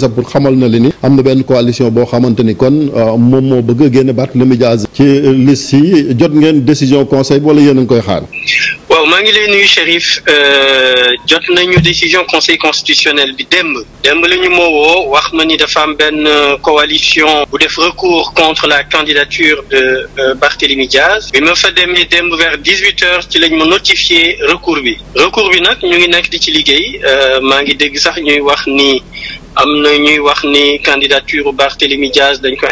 Zabur xamal na leni amna ben coalition bo xamanteni kon euh, mom mo bëgg a bat Barthélémy Dias ci liste yi jot ngeen décision conseil wala yéen a ngi xaar. waaw ma ngi lay nuyu euh jot nañu décision conseil constitutionnel bi démb démb la ñu moo woo wax ma ni dafa am ben coalition bu def recours contre la candidature de euh, Barthélémy Diaz mais ma fa demee démb vers 18h ci lañu ma notifié recours bi recours bi nak ñu ngi nekk ci ci euh ma ngi dégg sax ñuy wax ni am avons wax candidature Barthélémy Diaz dañ ko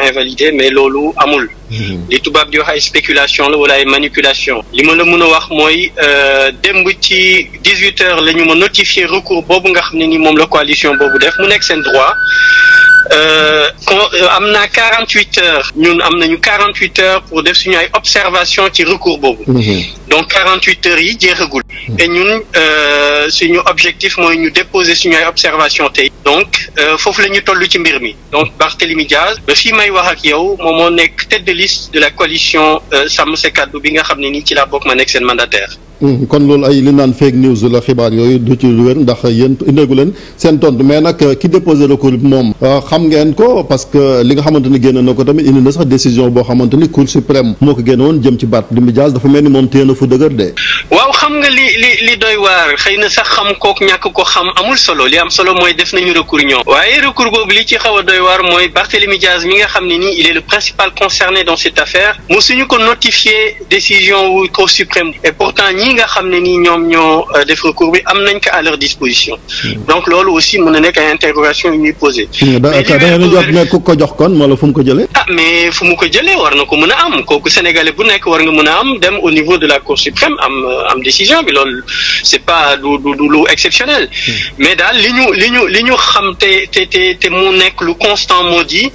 mais lolu amul. Mhm. li tubab di wax ay spéculation wala ay manipulation li ma la mën a wax euh, heures recours boobu ni la coalition boobu def mu droit. Euh, euh, am na quarante huit heures ñun am nañu quarante huit heures pour def suñu ay observation ci recours boobu mhm. donc quarante huit heures yi jeexagul mhm. et ñun euh, suñu objectif mooy ñu déposer suñu ay observation tey donc foofu la ñu toll ci mbir mi donc Barthélémy Diaz ba fii may wax ak yow moom moo nekk tête de liste de la coalition Sàmm Sa Kàddu bi nga xam ne nii ci la bokk ma nekk seen mandataire Hmm. kon loolu ay li naan fake news la xibaar yooyu du ci wér ndax yéen indéegu leen seen tontu mais nag euh, ki déposé recours bi moom euh, xam ngeen ko parce que li nga xamante ni génn na ko tamit indi na sax décision boo xamante ni cour suprême moo ko génn woon jëm ci baat Barthélémy Dias dafa mel ni moom téye na fu dëgër de. waaw xam nga li li li doy waar xëy na sax xam kook ñàkk ko xam amul solo li am solo mooy def nañu recours ñoom waaye recours boobu li ci xaw a doy waar mooy Barthélémy Dias mi nga xam ne nii il est le principal concerné dans cette affaire mosuñu ko notifié décision wu cour suprême et pourtant ñi nga xamné ni ñom ñoom ñoo euh, def recours bi am nañ ko à leur disposition. Hmm. donc loolu aussi mën nek ay interrogation yu ñuy posé. Hmm, da nga jot ne ku ko jox kon wala fu mu ko jëlé ah mais fu mu ko jëlé war na ko mëna am koku sénégalais bu nek war nga mëna am dem au niveau de la cour suprême am euh, am décision bi loolu c'est pas du du du lu exceptionnel. Hmm. mais dal liñu liñu liñu xam te te te te mu nekk lu constant moo di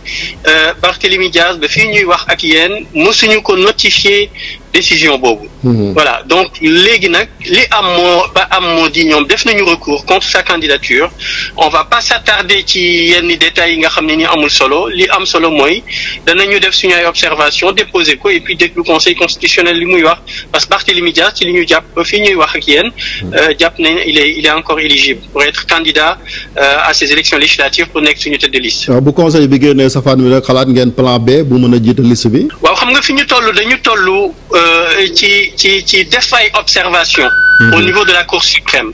euh, Barthélémy Diaz ba fi ñuy wax ak yéen mësuñu ko notifier décision boobu. Mhm. voilà donc les les li am moo ba am moo di def nañu recours contre sa candidature on va pas s'attarder ci les détails nga xamni les ni amul solo li am solo mooy def suñu observation déposer quoi, et puis dès que le conseil constitutionnel li muy wax parce que Barthélémy Dias ci li ñu japp fi ñuy wax ak mhm. euh, japp nañ il est il est encore éligible pour être candidat euh, à ces élections législatives pour next suñu tête de liste. Ah, bu conseil bi sa fan mi rek xalat ngeen plan B bu mëna a liste bi. xam nga fi ñu toll dañu toll euh, ci ci ci def ay observation Mhm. au niveau de la Cour suprême.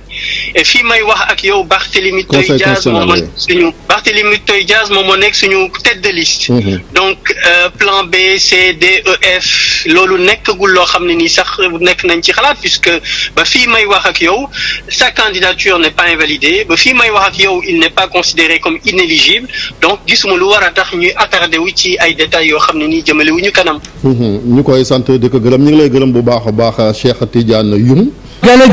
Et fii may wax ak yow Barthélémy Toye Diaz moom moo nekk suñu Barthélémy Toye Diaz moom moo tête de liste. Mhm. donc euh, plan B C D E F loolu nek loo xam ne nii sax nekk nañ ci xalaat puisque ba fii may wax ak yow sa candidature n'est pas invalidée ba fii may wax ak yow il n'est pas considéré comme inéligible donc dis lu war a tax ñuy attardé wu ci ay détails yoo xam ne nii ñu kanam. Mhm. ñu koy sant di ko gërëm ñu ngi lay gërëm bu baax a baax Cheikh Tidiane Youm. gala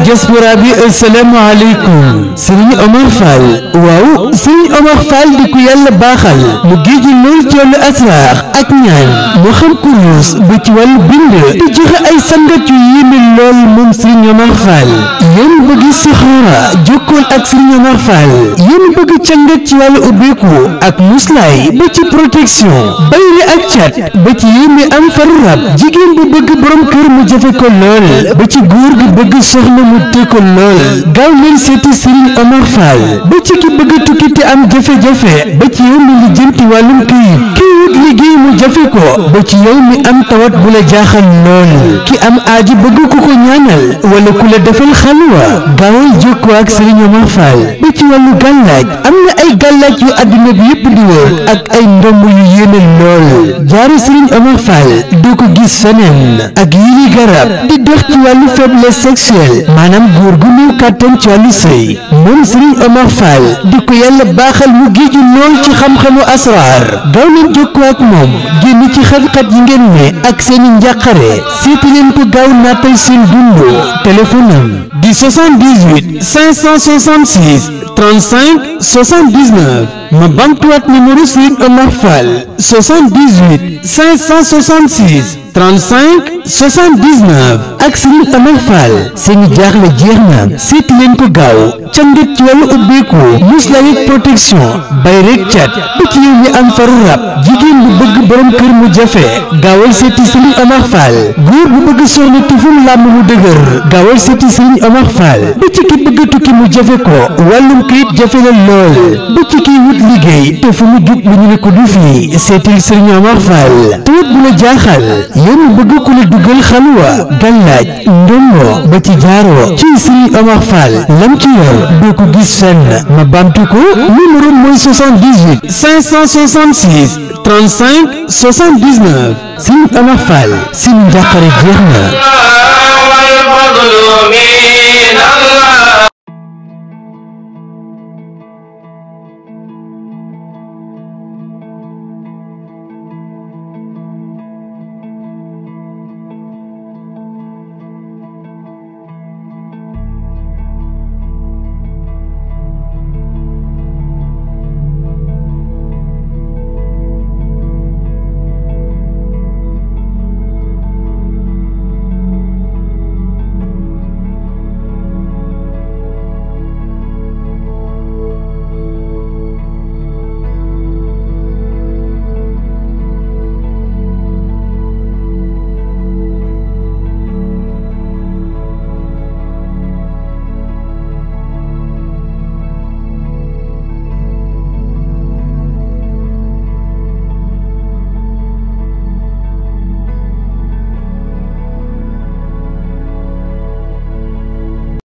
a bi asalaamaaleykum Serigne Omar Fall waaw Serigne Omar Fall di ku yàlla baaxal mu géeju lool ci wàllu asraar ak ñaan moo xam kurus ba ci wàllu bind di joxe ay sangat yu yéeme lool moom Serigne Omar Fall yéen bëgg a jokkool ak Serigne Omar Fall yéen bëgg cangat ci wàllu ubbeeku ak muslaay ba ci protection bayri ak cat ba ci yéeme am faru rab jigéen bu bëgg borom kër mu jafe ko lool ba ci góor gi bëgg soxla mu tekkul lool gaaw leen seeti Serigne ba ci ki bëgg am jafe ba ci yow mi li jënti wàllum mu jafe ko ba ci yow mi am tawat bu la jaaxal lool ki am aaji bëgg ku ko ñaanal wala ku la defal xalwa gaawal jokkoo ak Serigne Omar Fall ba ci am na ay gàllaaj yu àdduna ak ay ndomb yu yéeme lool jaaru Serigne Omar Fall doo ko gis feneen ak garab di dox ci wàllu faiblesse sexuelle Fall maanaam góor gu néew kàttan ci wàllu sëy moom Serigne Omar Fall di ko yàlla baaxal mu géeju lool ci xam-xamu asraar daw leen jokkoo ak moom génn ci xat-xat yi ngeen ne ak seeni njàqare seeti leen ko gaaw nattal seen dund téléphone am di 79 ma bamtuwaat numéro Serigne Omar Fall 78 566 35 79 ak Serigne Omar Fall seeni jaaxle jeex na seeti leen ko gaaw ca ngit ci wàllu ubbeeku muslaay ak protection bay rek cat ba ci yow mi am faru rab jigéen bu bëgg borom kër mu jafe gaawal seeti Serigne Omar Fall bu bëgg soxna tuful làmm mu dëgër gaawal seeti Serigne Omar Fall ki bëgg tukki mu jafe ko wàllum kayit jafe la lool ba ci kiy wut liggéey te fu mu jub lu ñu ne ko du fii seetil sëriñ Amar Fall te bu la jaaxal yéen bëgg ku la duggal xalwa gàllaaj ndombo ba ci jaaroo ci sëriñ Amar lam ci yor doo gis fenn ma bamtu ko numéro mooy 78 566 35 79 sëriñ Amar Fall sëriñ njàqare jeex na